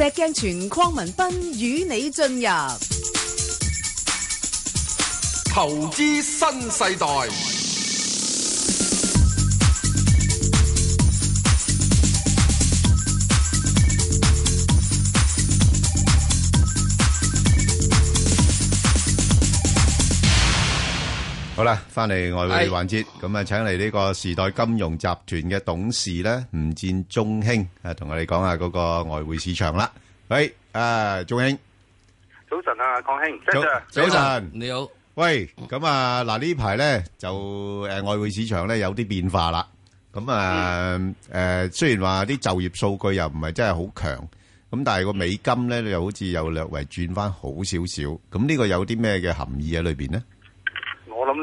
石鏡泉鄺文斌與你進入投資新世代。好啦，翻嚟外匯環節，咁啊，請嚟呢個時代金融集團嘅董事咧吳捷鍾兄，誒，同我哋講下嗰個外匯市場啦。喂，誒，鍾兄，早晨啊，鄺兄，早晨，你好。喂，咁啊，嗱呢排咧就誒外匯市場咧有啲變化啦。咁啊，誒，雖然話啲就業數據又唔係真係好強，咁但係個美金咧又好似又略為轉翻好少少。咁呢個有啲咩嘅含義喺裏邊咧？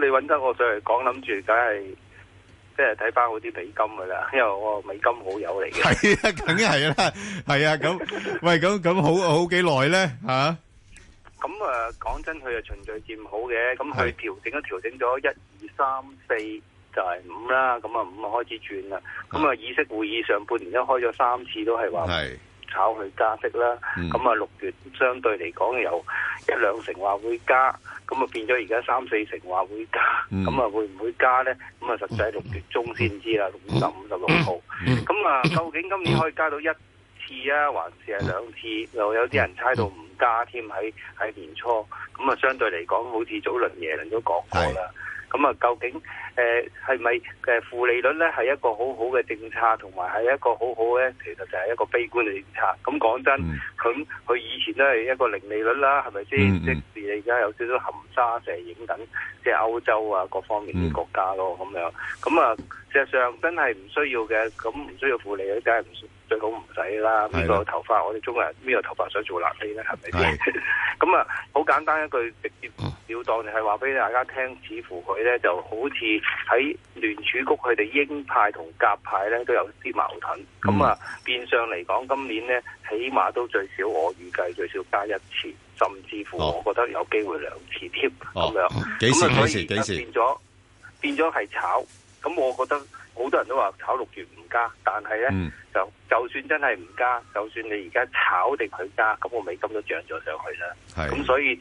你揾得我上嚟講，諗住梗係即係睇翻好啲美金噶啦，因為我美金好友嚟嘅。係，梗係啦，係 啊，咁，喂，咁咁好好幾耐咧，吓。咁啊，講、啊、真，佢係循序漸好嘅，咁佢調整咗，調是整咗一、二、三、四就係五啦，咁啊五啊開始轉啦，咁啊，議息會議上半年都開咗三次，都係話。嗯嗯炒去加息啦，咁啊六月相對嚟講有一兩成話會加，咁啊變咗而家三四成話會加，咁啊會唔會加呢？咁啊實際六月中先知啦，十五十六號，咁啊究竟今年可以加到一次啊，還是係兩次？又有啲人猜到唔加添，喺喺年初，咁啊相對嚟講，好似早輪耶倫都講過啦。咁啊，究竟誒係咪誒負利率咧係一個好好嘅政策，同埋係一個好好咧？其實就係一個悲觀嘅政策。咁講真，佢佢、嗯、以前都係一個零利率啦，係咪先？即使你而家有少少含沙射影等，即係歐洲啊各方面啲國家咯咁樣。咁啊、嗯，事實上真係唔需要嘅，咁唔需要負利率真係唔需最好唔使啦，呢個的頭髮我哋中國人，呢個頭髮想做垃圾咧，係咪先？咁啊的，好 簡單一句直接了當就係話俾大家聽，似乎佢咧就好似喺聯儲局佢哋鷹派同鴿派咧都有啲矛盾。咁啊、嗯，變相嚟講，今年咧起碼都最少，我預計最少加一次，甚至乎我覺得有機會兩次添。咁、哦、樣幾、哦、時？幾時？幾時？時時變咗變咗係炒，咁我覺得。好多人都話炒六月唔加，但係呢，嗯、就就算真係唔加，就算你而家炒定佢加，咁、個美金都漲咗上去啦。咁是的 所以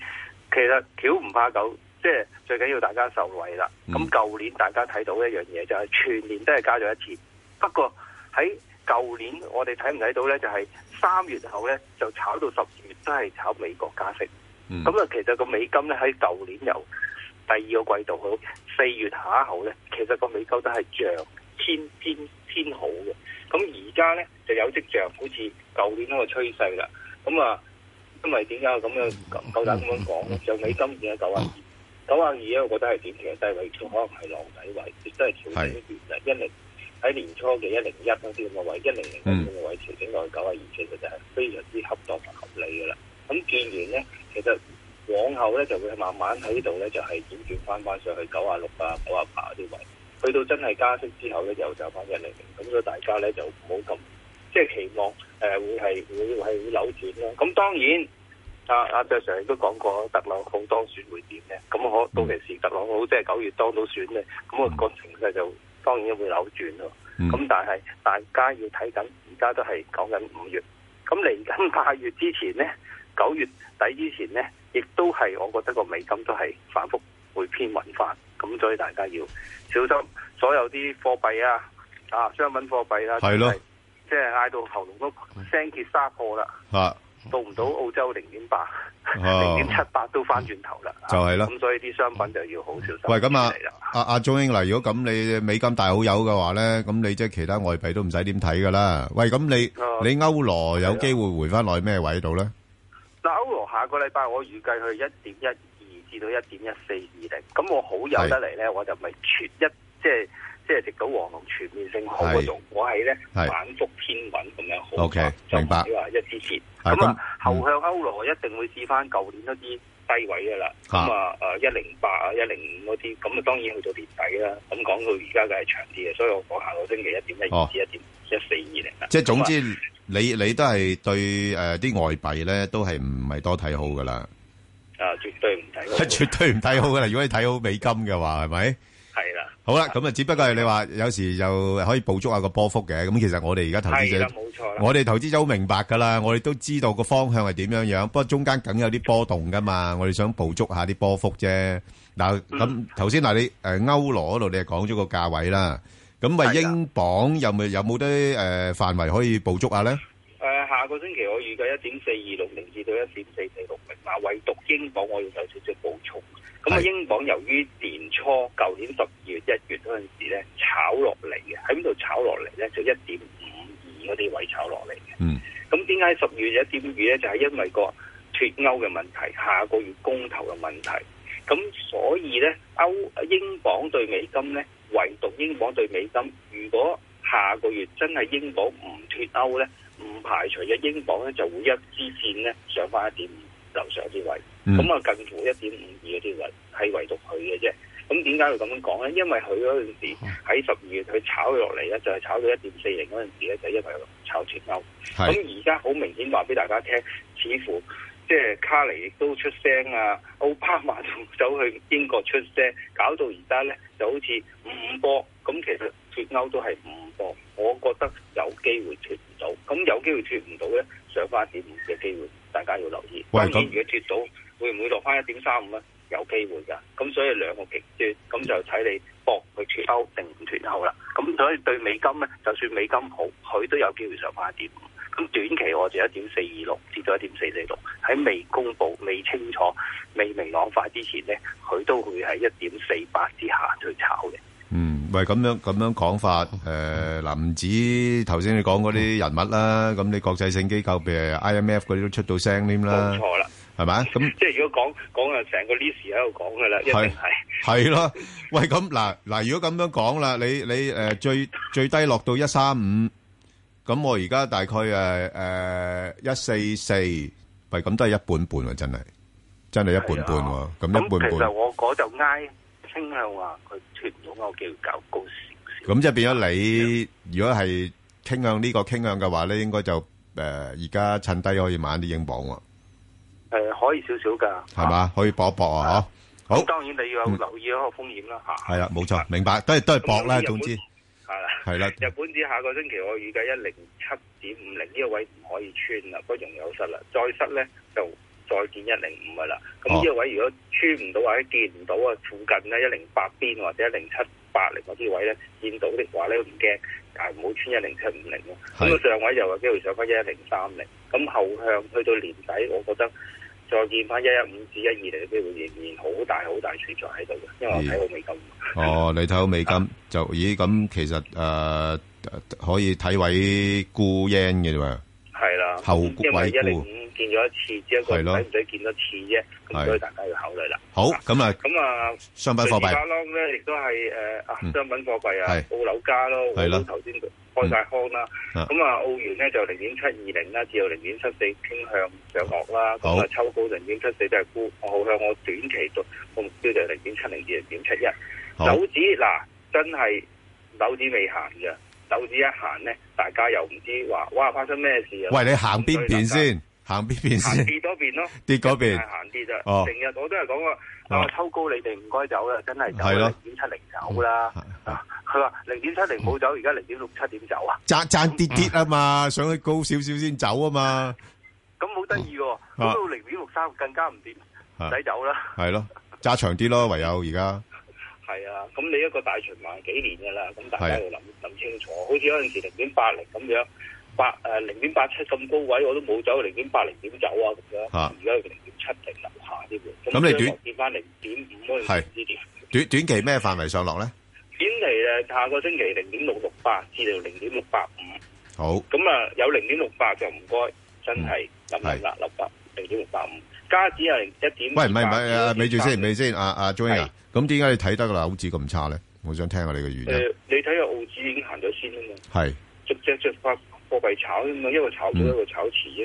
其實橋唔怕舊，即係最緊要大家受惠啦。咁舊、嗯、年大家睇到一樣嘢就係、是、全年都係加咗一次，不過喺舊年我哋睇唔睇到呢，就係三月後呢，就炒到十二月都係炒美國加息。咁啊、嗯，就其實個美金呢，喺舊年由第二個季度好四月下一後呢，其實個美金都係漲。偏偏偏好嘅，咁而家咧就有跡象，好似舊年嗰個趨勢啦。咁、嗯、啊，因為點解咁樣夠膽咁樣講咧？就喺今年嘅九啊二，九啊二啊，我覺得係短期嘅低位，可能係浪底位，亦都係調整一段啫。一零喺年初嘅一零一嗰啲咁嘅位，一零零嗰啲嘅位調整落去九啊二，92，其實就係非常之恰當合理嘅啦。咁自然咧，其實往後咧就會慢慢喺呢度咧，就係輾轉翻翻上去九啊六啊、九啊八嗰啲位。去到真係加息之後咧，就就反人哋咁，所以大家咧就唔好咁即係期望誒、呃、會係會係會扭轉咯。咁當然，阿阿鄭 Sir 亦都講過，特朗普當選會點嘅。咁我到期時特朗普即係九月當到選咧，咁個情勢咧就當然會扭轉咯。咁、嗯、但係大家要睇緊，而家都係講緊五月。咁嚟緊八月之前咧，九月底之前咧，亦都係我覺得個美金都係反覆會偏穩翻。咁所以大家要小心所有啲貨幣啊，啊商品貨幣啦，係咯，即係嗌到喉嚨都聲結沙破啦，啊，到唔到澳洲零點八、零點七八都翻轉頭啦，就係啦。咁所以啲商品就要好小心。喂，咁啊，阿阿鍾英，嗱，如果咁你美金大好友嘅話咧，咁你即係其他外幣都唔使點睇噶啦。喂，咁你你歐羅有機會回翻落去咩位度咧？嗱，歐羅下個禮拜我預計去一點一。至到一點一四二零，咁我好有得嚟咧，我就咪全一，即係即係直到黃龍全面性，我做我喺咧反覆偏穩咁樣。O K. 明白。即係話一啲錢，咁啊後向歐羅一定會試翻舊年一啲低位噶啦。咁啊誒一零八啊一零五嗰啲，咁啊當然去做跌底啦。咁講到而家嘅係長啲嘅，所以我講下個星期一點一二至一點一四二零啦。即係總之，你你都係對誒啲外幣咧，都係唔係多睇好噶啦。絕對唔睇好，係絕對唔睇好噶啦！如果你睇好美金嘅話，係咪？係啦。好啦，咁啊，只不過係你話有時又可以捕捉下個波幅嘅。咁其實我哋而家投資者，冇錯，我哋投資者好明白噶啦，我哋都知道個方向係點樣樣，不過中間梗有啲波動噶嘛。我哋想捕捉下啲波幅啫。嗱，咁頭先嗱你誒歐羅嗰度，你又講咗個價位啦。咁咪英鎊有咪有冇啲誒範圍可以捕捉下咧？誒，下個星期我預計一點四二六零至到一點四四六。嗱，唯獨英鎊，我要有少少補充。咁啊，是英鎊由於年初舊年十二月一月嗰陣時咧，炒落嚟嘅，喺邊度炒落嚟咧？就一點五二嗰啲位炒落嚟嘅。嗯。咁點解十二月一點二咧？就係、是、因為個脱歐嘅問題，下個月公投嘅問題。咁所以咧，歐英鎊對美金咧，唯獨英鎊對美金，如果下個月真係英鎊唔脱歐咧，唔排除嘅英鎊咧就會一支線咧上翻一點五。樓上啲位，咁啊、嗯、近乎一點五二嗰啲位係唯獨佢嘅啫。咁點解會咁樣講咧？因為佢嗰陣時喺十二月佢炒咗落嚟咧，就係、是、炒到一點四零嗰陣時咧，就是、因為炒脱歐。咁而家好明顯話俾大家聽，似乎即係卡尼亦都出聲啊，奧巴馬仲走去英國出聲，搞到而家咧就好似五,五波。咁其實脱歐都係五波，我覺得有機會脱唔到。咁有機會脱唔到咧，上翻一點五嘅機會。大家要留意。當然，如果跌到，會唔會落翻一點三五咧？有機會㗎。咁所以兩個極端，咁就睇你搏佢斷收定唔斷口啦。咁所以對美金咧，就算美金好，佢都有機會上翻一點五。咁短期我哋一點四二六至到一點四四六。喺未公布、未清楚、未明朗化之前咧，佢都會喺一點四八之下去炒嘅。嗯，喂，咁樣咁樣講法，誒，嗱，唔止頭先你講嗰啲人物啦，咁你國際性機構，譬如 IMF 嗰啲都出到聲添啦，冇錯啦，係咪啊？咁即係如果講講啊，成個 list 喺度講噶啦，一定係係咯。喂，咁嗱嗱，如果咁樣講啦，你你誒最最低落到一三五，咁我而家大概誒誒一四四，喂，咁都係一半半啊，真係真係一半半喎，咁一半半。咁其實我嗰就挨。傾向話佢脱唔到歐元，較高少少。咁即係變咗你，如果係傾向呢個傾向嘅話咧，應該就誒而家趁低可以買啲英鎊喎。誒，可以少少㗎，係嘛？可以搏一搏啊！嗬，好。當然你要有留意一個風險啦，嚇。係啦，冇錯，明白。都係都係搏啦，總之係啦。係啦，日本啲下個星期我預計一零七點五零呢個位唔可以穿啦，不容有失啦，再失咧就。再見一零五噶啦，咁呢個位如果穿唔到或者見唔到啊，附近咧一零八邊或者一零七八零嗰啲位咧見到的話咧唔驚，但係唔好穿一零七五零咯。咁個是上位又有機會上翻一一零三零，咁後向去到年底，我覺得再見翻一一五至一二零嘅機會仍然好大好大存在喺度嘅。因為我睇好美金。 哦，你睇好美金 就咦？咁其實誒、呃、可以睇位沽 yen 嘅啫嘛。因為一零五見咗一次，只一個位唔使見多次啫，咁所以的大家要考慮啦。好，咁啊，咁啊，商品貨幣咧，亦都係誒啊，商品貨幣啊，嗯、澳紐加咯，我頭先開晒腔啦。咁、嗯、啊，澳元咧就零點七二零啦，至到零點七四傾向上落啦。咁啊，抽高零點七四都係沽，我好向我短期做目標就係零點七零至零點七一。樓指嗱，真係樓指未行嘅。手指一行咧，大家又唔知話哇發生咩事。喂，你行邊邊先，行邊邊先。行跌多邊咯，跌嗰邊。行啲啫。哦。成日我都係講啊，啊，抽高你哋唔該走啦，真係走。係咯。零點七零走啦。啊，佢話零點七零冇走，而家零點六七點走啊？爭爭跌跌啊嘛，上去高少少先走啊嘛。咁好得意喎，到零點六三更加唔掂，唔使走啦。係咯，揸長啲咯，唯有而家。係啊，咁你一個大循環幾年噶啦，咁大家要諗諗、啊、清楚。好似嗰陣時零點八零咁樣，八誒零點八七咁高位我都冇走，零點八零點走啊咁樣，而家零點七定樓下啲嘅。咁、啊、你短跌翻零點五嗰陣時唔知點？短短期咩範圍上落咧？短期誒，下個星期零點六六八至到零點六八五。好。咁啊，有零點六八就唔該，真係咁樣啦，六八零點六八五。嗯家止係一點，喂，唔係唔係啊，咪住先，咪先阿啊，中英啊，咁點解你睇得個澳紙咁差咧？我想聽下你嘅原因。誒，你睇個澳紙已經行咗先啊嘛，係逐隻逐塊貨幣炒啊嘛，一個炒咗一個炒錢啊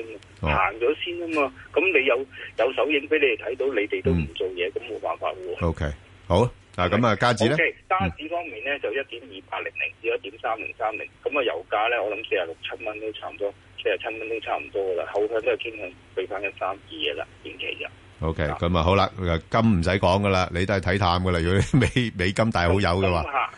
嘛，行咗先啊嘛，咁你有有手影俾你哋睇到，你哋都唔做嘢，咁冇辦法喎。OK，好。嗱咁啊，加紙咧，okay, 加紙方面咧、嗯、就一點二八零零至一點三零三零，咁啊油價咧我諗四十六七蚊都差唔多，四十七蚊都差唔多噶啦，後向都係傾向對翻一三二嘅啦，短期就。O K，咁啊好啦，金唔使講噶啦，你都係睇淡噶啦，如果你美美金大好有嘅話，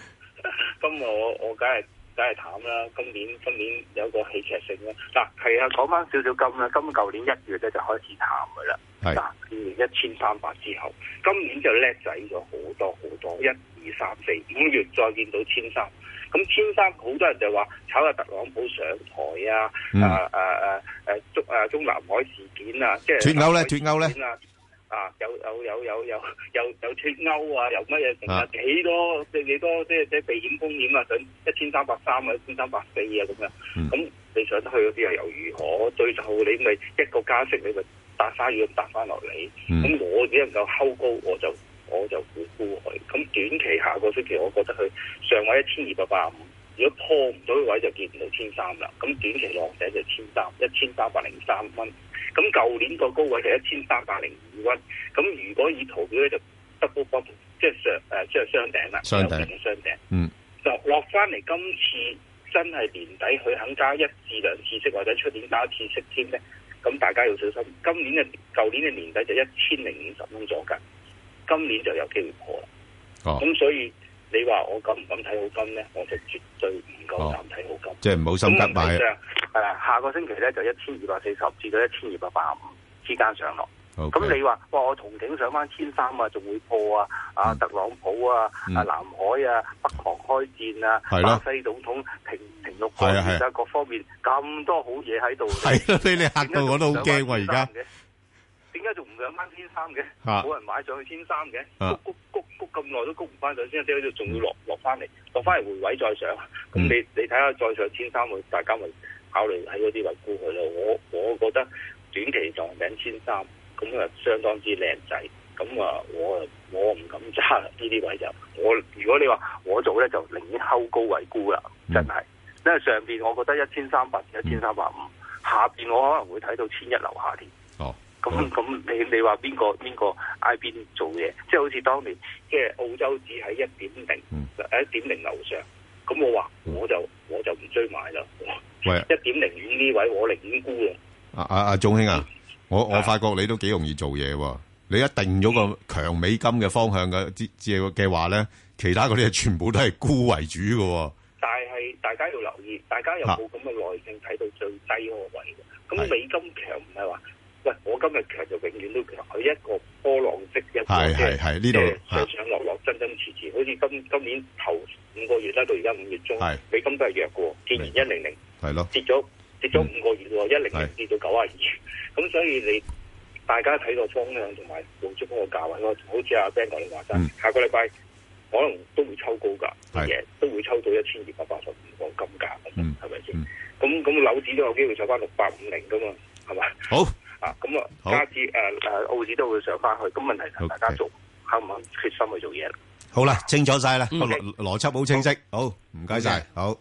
咁、這個、我我梗係。梗係淡啦，今年今年有個戲劇性啦，嗱，係啊，講返少少金啦。今舊年一月咧就開始淡嘅啦，跌完一千三百之後，今年就叻仔咗好多好多，一二三四，五月再見到千三。咁千三好多人就話炒下特朗普上台啊，嗯、啊啊啊誒中誒中南海事件啊，即係脱歐咧，脱歐咧。啊！有有有有有有脱歐啊！有乜嘢成日幾多剩幾、啊、多即係即係避險風險啊！想一千三百三啊，千三百四啊咁樣。咁、嗯、你上得去嗰啲啊，又如何？最後你咪一個加息，你咪搭沙魚咁打翻落嚟。咁我只能夠 hold 高，我就我就估估佢。咁短期下個星期，我覺得佢上位一千二百八十五。如果破唔到呢位，就見唔到千三啦。咁短期浪底就千三，一千三百零三蚊。咁舊年個高位就一千三百零五蚊，咁如果以圖表咧就 double bottom 即係上誒即係雙頂啦，雙頂嘅雙頂雙頂，嗯，嗱落翻嚟，今次真係年底佢肯加一至兩次息，或者出年加一次息添咧，咁大家要小心。今年嘅舊年嘅年底就一千零五十蚊咗緊，今年就有機會破啦。哦，咁所以你話我敢唔敢睇好金咧？我就絕對唔夠膽睇好金，哦、即係唔好心急買。係下個星期咧就一千二百四十至到一千二百八十五之間上落。咁你話：哇！我重整上翻千三啊，仲會破啊！啊，特朗普啊，嗯、啊，南海啊，北韓開戰啊，巴、嗯、西總統停停六開啊，係係各方面咁多好嘢喺度，係咯，你嚇到我都好驚喎！而家點解仲唔上翻千三嘅？冇人買上去千三嘅，谷谷谷谷咁耐都谷唔翻上先，之度仲要落落翻嚟，落翻嚟回位再上。咁、嗯、你你睇下再上千三喎，大家咪～考慮喺嗰啲位沽佢啦，我我覺得短期撞頂千三，咁啊相當之靚仔，咁啊我我唔敢揸呢啲位，就我如果你話我做咧就寧願拋高位沽啦，真係，嗯、因為上邊我覺得一千三百至一千三百五，下邊我可能會睇到千一樓下啲。哦，咁咁那、嗯、你你話邊個邊個 IB 做嘢，即係好似當年即係澳洲隻喺一點零，喺一點零樓上。咁我話，我就我就唔追買啦。一點零五呢位我，我零沽嘅。阿阿阿鍾兄啊，啊啊 我我發覺你都幾容易做嘢喎、啊。你一定咗個強美金嘅方向嘅，即係嘅話咧，其他嗰啲全部都係沽為主嘅、啊。但係大家要留意，大家有冇咁嘅耐性睇到最低位、啊、個位嘅？咁美金強唔係話。我今日強就永遠都強，佢一個波浪式一個呢度上落落，真真切切，好似今今年頭五個月咧，到而家五月中，美金都係弱嘅，跌完一零零，係咯，跌咗跌咗五個月咯，一零零跌到九啊二，咁所以你大家睇個方向同埋用足個價位咯，好似阿 Ben 講嘅話齋，下個禮拜可能都會抽高噶係都會抽到一千二百八十五個金價，嗯，係咪先？咁咁樓市都有機會上返六百五零噶嘛，係嘛？好。啊，咁啊，加之誒誒澳紙都會上返去，咁問題就大家做肯唔肯決心去做嘢啦。好啦，清楚曬啦，邏輯好清晰。好，唔該曬。好，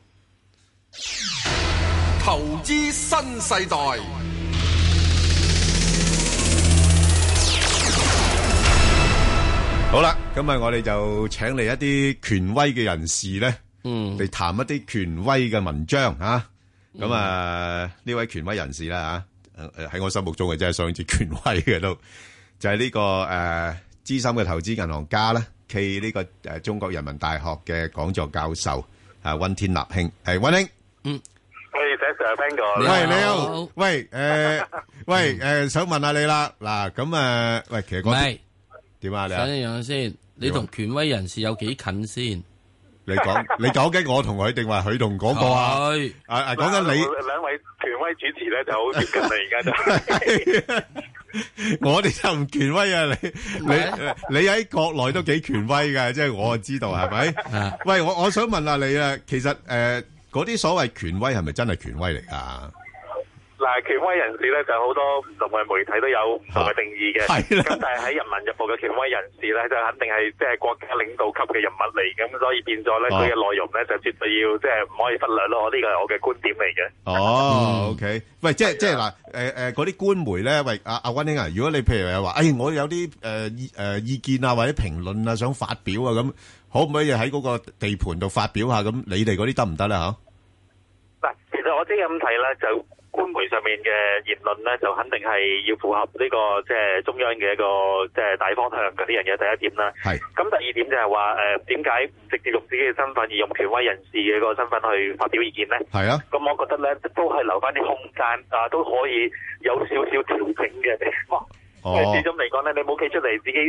投資新世代。好啦，今日我哋就請嚟一啲權威嘅人士咧，嗯，嚟談一啲權威嘅文章嚇。咁啊，呢位權威人士啦嚇。誒誒，喺我心目中嘅真係相當之權威嘅都，就係呢個誒資深嘅投資銀行家咧，暨呢個誒中國人民大學嘅講座教授啊溫天納兄，係溫兄，嗯，係 Sir，係邊個咧？喂，你好，喂，誒，喂，誒，想問下你啦，嗱，咁誒，喂，其實嗰啲點啊？你想樣先？你同權威人士有幾近先？你講你講緊我同佢定話佢同嗰個、哎、啊？誒、啊、誒，講緊你兩位權威主持咧就好接近，你而家就我哋就唔權威啊！你你 你喺國內都幾權威噶，即係我知道係咪？ 喂，我我想問下你啊，其實誒嗰啲所謂權威係咪真係權威嚟啊？嗱，權威人士咧就好多唔同嘅媒體都有唔同嘅定義嘅，咁、啊、但係喺《人民日報》嘅權威人士咧就肯定係即係國家領導級嘅人物嚟，咁所以變咗咧佢嘅內容咧就絕對要即係唔可以忽略咯。呢、這個係我嘅觀點嚟嘅。哦，OK、嗯嗯、喂，即係即係嗱，誒誒嗰啲官媒咧，喂，阿阿溫兄啊，如果你譬如話，誒、哎、我有啲誒誒意見啊，或者評論啊，想發表啊咁，可唔可以喺嗰個地盤度發表下咁？你哋嗰啲得唔得咧？嚇？嗱，其實我即係咁睇啦，就。就就官媒上面嘅言論咧，就肯定係要符合呢個即係中央嘅一個即係大方向嗰啲人嘅第一點啦，係咁是第二點就係話誒，點解唔直接用自己嘅身份，而用權威人士嘅個身份去發表意見咧？係啊，咁我覺得咧都係留翻啲空間啊，都可以有少少調整嘅地方。哇、哦，因為始終嚟講咧，你唔好企出嚟自己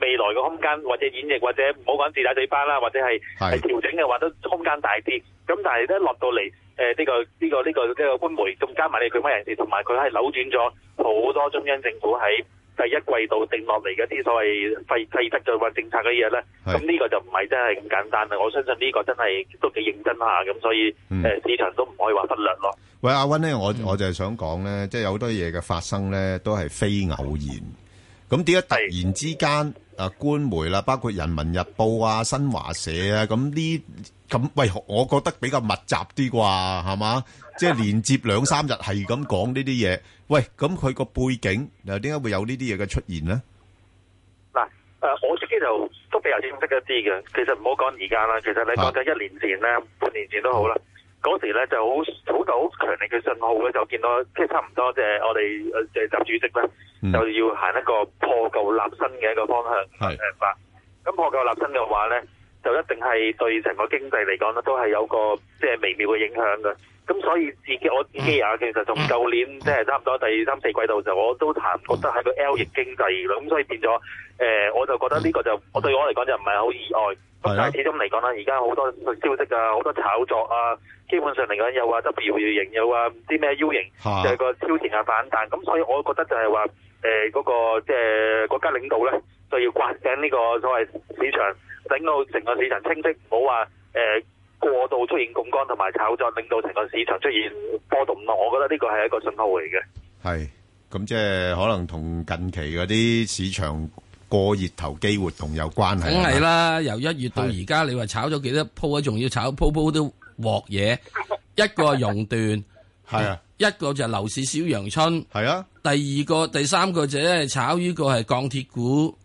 未來嘅空間，或者演繹，或者唔好講自打嘴巴啦，或者係係調整嘅話都空間大啲。咁但係咧落到嚟。誒呢、呃這個呢、這個呢、這個即係、這個、官媒咁加埋你權威人士，同埋佢係扭轉咗好多中央政府喺第一季度定落嚟嗰啲所謂廢廢則嘅話政策嘅嘢咧，咁呢是個就唔係真係咁簡單啦。我相信呢個真係都幾認真嚇咁，所以誒、嗯呃、市場都唔可以話忽略咯。喂，阿溫咧，我我就係想講咧，嗯、即係有好多嘢嘅發生咧，都係非偶然。咁點解突然之間？誒官媒啦，包括人民日報啊、新華社啊，咁呢咁，喂，我覺得比較密集啲啩，係嘛？即係連接兩三日係咁講呢啲嘢。喂，咁佢個背景又點解會有呢啲嘢嘅出現呢？嗱，誒，我自己就都比較認識一啲嘅。其實唔好講而家啦，其實你講緊一年前啦、半年前都好啦。嗰時咧就好，好就好強烈嘅信號咧，就見到即係差唔多即係、就是、我哋即係習主席咧，嗯、就要行一個破舊立新嘅一個方向嚟嘅。咁是、呃、破舊立新嘅話咧，就一定係對成個經濟嚟講咧，都係有個即係、就是、微妙嘅影響嘅。咁所以自己我自己啊，其實從就舊年即係差唔多第三四季度就我都談覺得係個 L 型經濟咁、嗯、所以變咗誒、呃，我就覺得呢個就我對我嚟講就唔係好意外。咁、嗯、但係始終嚟講啦，而家好多消息啊，好多炒作啊，基本上嚟講有話 W 型，有話唔知咩 U 型，就係、是、個超前嘅反彈。咁、啊、所以我覺得就係話誒嗰個即係國家領導咧，就要刮醒呢個所謂市場，到整到成個市場清晰，唔好話誒。呃過度出現槓桿同埋炒作，令到成個市場出現波動咯。我覺得呢個係一個信號嚟嘅。係，咁即係可能同近期嗰啲市場過熱投機活動有關係。梗係啦，由吧一月到而家，的你話炒咗幾多鋪啊？仲要炒鋪鋪都鑊嘢， 一個係熔斷，係啊的，一個就係樓市小陽春，係啊的，第二個、第三個就係炒呢個係鋼鐵股，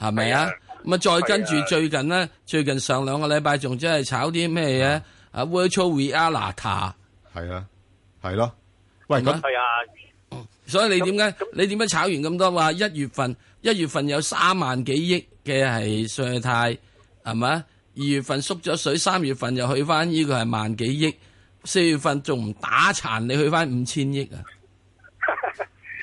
係咪啊？的咁啊，再跟住最近咧，最近上兩個禮拜仲真係炒啲咩嘢？啊，virtual reality 係啊，係咯、啊啊。喂，咁係吧啊。所以你點解、嗯、你點解炒完咁多話？一月份一月份有三萬幾億嘅係信貸，係咪？二月份縮咗水，三月份又去翻，呢個係萬幾億。四月份仲唔打殘你去翻五千億啊？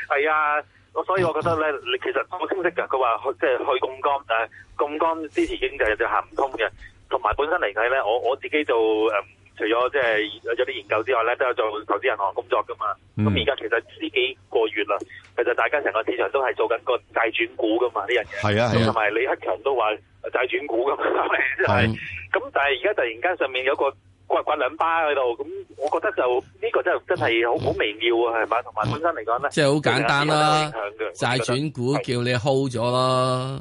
係 啊，我所以我覺得咧，你其實好清晰噶。佢話即係去貢金誒。咁光支持經濟就行唔通嘅，同埋本身嚟睇咧，我我自己做誒，除咗即係有啲研究之外咧，都有做投資銀行工作噶嘛。咁而家其實呢幾個月啦，其實大家成個市場都係做緊個債轉股噶嘛，呢樣嘢係啊，同埋李克強都話債轉股噶嘛，係咁，但係而家突然間上面有個刮刮兩巴喺度，咁我覺得就呢、呢個真係真係好好微妙啊，係咪？同埋本身嚟講咧，即係好簡單啦、啊，影債轉股叫你 hold 咗是啦。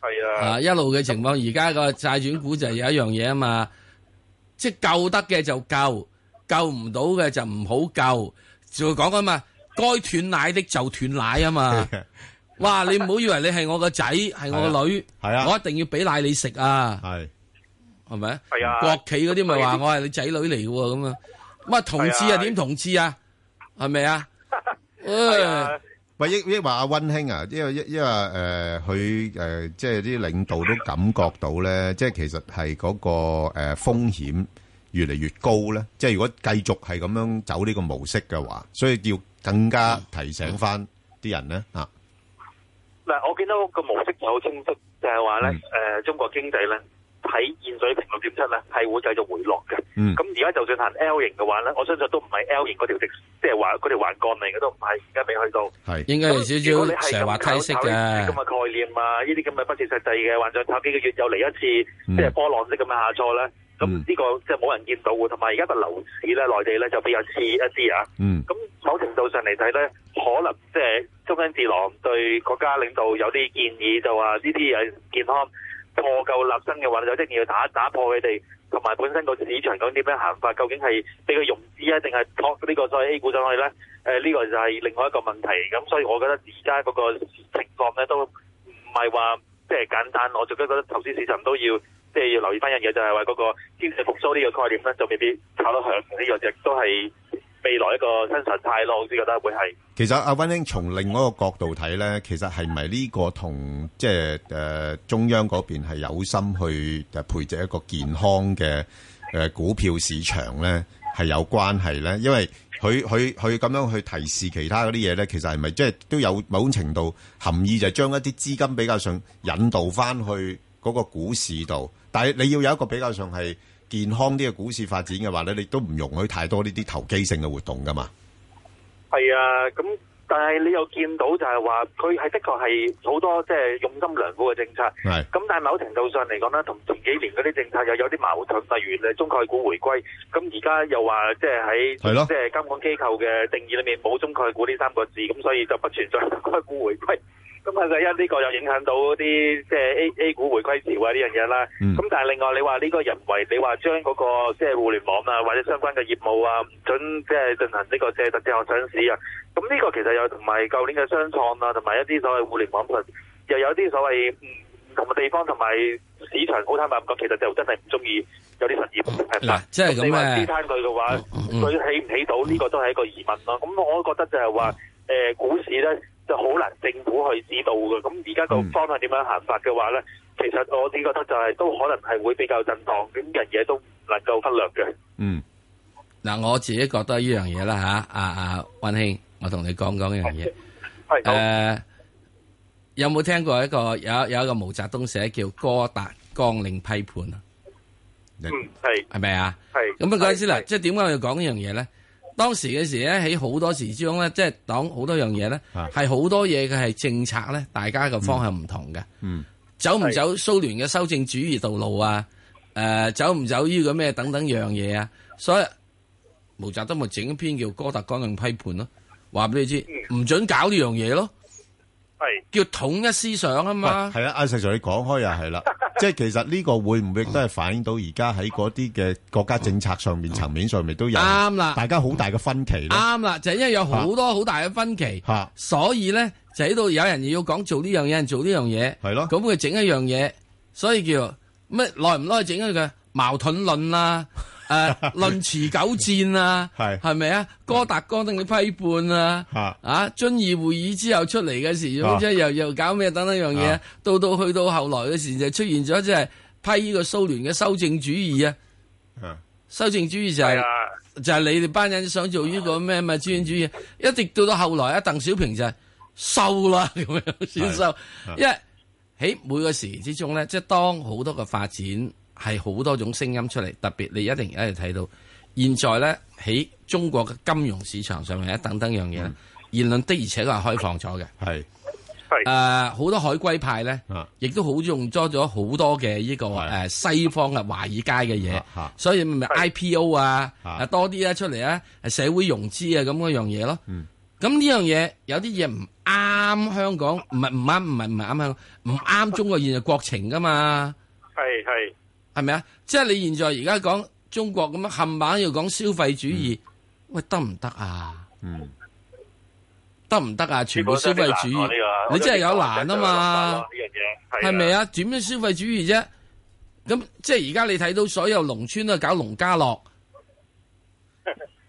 係啊！啊一路嘅情況，而家個債轉股就係有一樣嘢啊嘛，即係救得嘅就救，救唔到嘅就唔好救，就會講緊嘛，該斷奶的就斷奶啊嘛。哇！你唔好以為你係我個仔，係我個女，我一定要俾奶你食啊。係係咪啊？國企嗰啲咪話我係你仔女嚟嘅咁啊？咁啊，同志啊，點同志啊？係咪啊？喂，益益話阿溫兄啊，因為因因為誒佢誒，即係啲領導都感覺到咧，即係其實係嗰個誒風險越嚟越高咧。即係如果繼續係咁樣走呢個模式嘅話，所以要更加提醒翻啲人咧啊！嗱，我見到個模式就好清晰，就係話咧誒，中國經濟咧。喺、嗯、現水平六點七咧，係會繼續回落嘅。咁而家就算行 L 型嘅話咧，我相信都唔係 L 型嗰條直，即係話嗰條橫桿嚟嘅，都唔係而家未去到。係是、嗯、應該有少少斜滑梯式嘅咁嘅概念啊！呢啲咁嘅不切實際嘅，或者炒幾個月又嚟一次，即係波浪式咁嘅下挫咧。咁呢、嗯、個即係冇人見到嘅，同埋而家個樓市咧，內地咧就比較似一啲啊。嗯。咁某程度上嚟睇咧，可能即係中央智囊對國家領導有啲建議，就話呢啲嘢健康。破舊立新嘅話，就一定要打打破佢哋，同埋本身個市場講點樣行法，究竟係俾佢融資啊，定係託呢個再 A 股上去咧？誒、呃，呢、這個就係另外一個問題。咁所以，我覺得而家嗰個情況咧，都唔係話即係簡單。我仲覺得投資市場都要即係、就是、要留意翻一樣嘢，就係話嗰個經濟復甦呢個概念咧，就未必炒得響。呢、這個亦都係未來一個新常態咯，我覺得會係。其實阿溫兄從另外一個角度睇咧，其實係咪呢個同即係誒中央嗰邊係有心去誒培植一個健康嘅誒、呃、股票市場咧，係有關係咧？因為佢佢佢咁樣去提示其他嗰啲嘢咧，其實係咪即係都有某程度含義，就係將一啲資金比較上引導翻去嗰個股市度，但係你要有一個比較上係。健康啲嘅股市發展嘅話咧，你都唔容許太多呢啲投機性嘅活動噶嘛？係啊，咁但係你又見到就係話佢係的確係好多即係用心良苦嘅政策。係的，咁但係某程度上嚟講咧，同前幾年嗰啲政策又有啲矛盾。例如誒中概股回歸，咁而家又話即係喺即係監管機構嘅定義裏面冇中概股呢三個字，咁所以就不存在中概股回歸。咁啊，就一呢個又影響到啲即係 A A 股回歸潮啊呢樣嘢啦。咁、嗯、但係另外你話呢個人為你話將嗰個即係互聯網啊或者相關嘅業務啊唔准即係進行呢、呢個即係直接上市啊。咁呢個其實又同埋舊年嘅商創啊同埋一啲所謂互聯網，又有啲所謂唔同嘅地方同埋市場，好坦白咁講，其實就真係唔中意有啲實業係嗱，即係你話低碳類嘅話，佢、嗯嗯、起唔起到呢個都係一個疑問咯、啊。咁我覺得就係話誒股市咧。嗯嗯嗯嗯就好難政府去指導噶，咁而家個方向點樣行法嘅話咧，其實我自己覺得就係都可能係會比較震盪，咁樣嘢都唔能夠忽略嘅。嗯，嗱，我自己覺得呢樣嘢啦吓，阿阿溫兄，我同你講講呢樣嘢。係。誒，有冇聽過一個有有一個毛澤東寫叫《哥達綱領批判》啊？嗯，係。係咪啊？係。咁啊，嗰陣時啦，即係點解我要講呢樣嘢咧？當時嘅時咧，喺好多時之中咧，即係講好多樣嘢咧，係好、啊、多嘢嘅係政策咧，大家個方向唔同嘅、嗯。嗯，走唔走蘇聯嘅修正主義道路啊？誒、呃，走唔走呢個咩等等樣嘢啊？所以毛澤東咪整一篇叫《哥達綱領批判》啊、咯，話俾你知，唔准搞呢樣嘢咯。係叫統一思想啊嘛。係啊，阿石 Sir，你講開又係啦。 即係其實呢個會唔會都係反映到而家喺嗰啲嘅國家政策上面層面上面都有啱啦，了大家好大嘅分歧啦。啱啦，就係、是、因為有好多好大嘅分歧，啊、所以咧就喺度有人要講做呢樣，嘢，有人做呢樣嘢，係咯了，咁佢整一樣嘢，所以叫咩耐唔耐整一嘅矛盾論啦、啊。 誒，論持久戰啊，係係咪啊？哥達綱領啲批判啊，吓啊，遵義會議之後出嚟嘅時，即係又又搞咩？等等樣嘢，到到去到後來嘅時就出現咗，即係批呢個蘇聯嘅修正主義啊。修正主義就係就係你哋班人想做呢個咩咪專制主義？一直到到後來啊，鄧小平就係收啦，咁樣先收。因為喺每個時之中咧，即係當好多嘅發展。係好多種聲音出嚟，特別你一定而家睇到，現在咧喺中國嘅金融市場上面，一等等一樣嘢，嗯、言論的而且確係開放咗嘅，係係誒好多海歸派咧，亦是都好用咗好多嘅呢、呢個誒是、呃、西方嘅華爾街嘅嘢，是所以咪 IPO 啊，啊是多啲啊出嚟啊，社會融資啊咁嗰樣嘢咯，咁呢是樣嘢有啲嘢唔啱香港，唔係唔啱，唔係唔係啱香，唔啱中國現在國情噶嘛，係係。 係咪啊？即係你現在而家講中國咁樣冚唪唥要講消費主義，喂，得唔得啊？嗯，得唔得啊？全部消費主義，你真係有難啊嘛？呢係咪啊？點樣消費主義啫？咁即係而家你睇到所有農村都搞農家樂，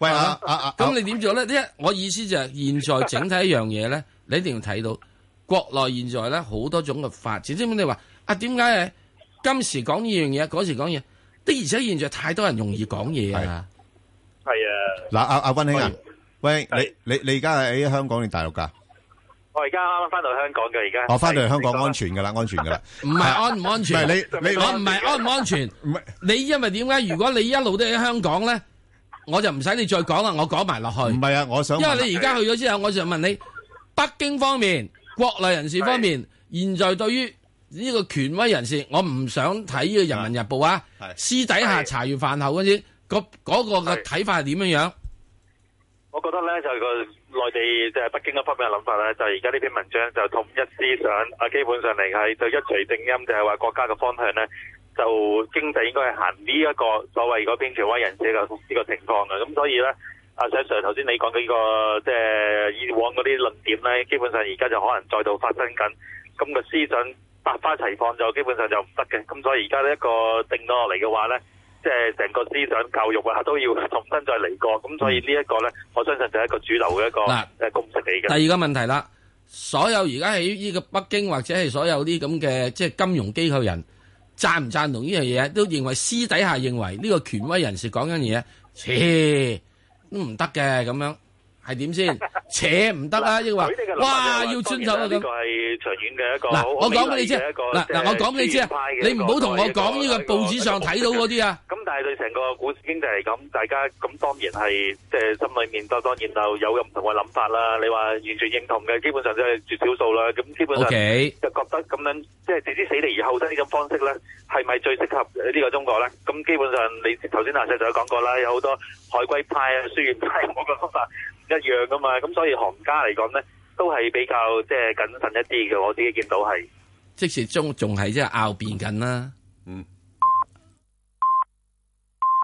喂咁你點做咧？呢我意思就係，現在整體一樣嘢咧，你一定要睇到國內現在咧好多種嘅發展。即你話啊，點解誒？今時講呢樣嘢，嗰時講嘢，的而且現在太多人容易講嘢啦。係啊，嗱，阿阿溫兄啊，喂，你你你而家係喺香港定大陸噶？我而家啱啱翻到香港嘅，而家。我翻到嚟香港安全噶啦，安全噶啦。唔係安唔安全？係你你我唔係安唔安全？唔係你因為點解？如果你一路都喺香港咧，我就唔使你再講啦，我講埋落去。唔係啊，我想。因為你而家去咗之後，我就問你，北京方面、國內人士方面，現在對於。呢個權威人士，我唔想睇呢個《人民日報》啊！的私底下茶餘飯後嗰啲，嗰的個嘅睇法係點樣樣？我覺得咧，就個內地即係北京嘅方面嘅諗法咧，就而家呢篇文章就統一思想啊，基本上嚟係對一錘定音，就係話國家嘅方向咧，就經濟應該係行呢一個所謂嗰邊權威人士嘅呢個情況嘅。咁所以咧，阿 Sir Sir，頭先你講嘅呢個即係以往嗰啲論點咧，基本上而家就可能再度發生緊咁嘅思想，花齊放就基本上就唔得嘅，咁所以而家呢一個定落嚟嘅話咧，即係成個思想教育啊都要重新再嚟過，咁所以呢一個咧，我相信就係一個主流嘅一個嘅共識嚟嘅。第二個問題啦，所有而家喺呢個北京或者係所有啲咁嘅即係金融機構人贊唔贊同呢樣嘢，都認為私底下認為呢個權威人士講緊嘢，切 都唔得嘅咁樣。係點先？扯唔得啦，應話、就是、哇，要遵守呢個係長遠嘅一個，我講俾你知啦，嗱嗱，我講俾你知啊，你唔好同我講呢個報紙上睇到嗰啲啊。咁 但係對成個股市經濟嚟講，大家咁當然係即係心裏面，當當然就有唔同嘅諗法啦。你話完全認同嘅，基本上都係絕少數啦。咁基本上 Okay. 就覺得咁樣，就是、即係置之死地而後生呢種方式咧，係咪最適合呢個中國咧？咁基本上你頭先阿細就講過啦，有好多海歸派啊、輸入派，派嗯、我嘅方法。一樣噶嘛，咁所以行家嚟講咧，都係比較即係、就是、謹慎一啲嘅。我自己見到係，即時中仲係即係拗辯緊啦，嗯。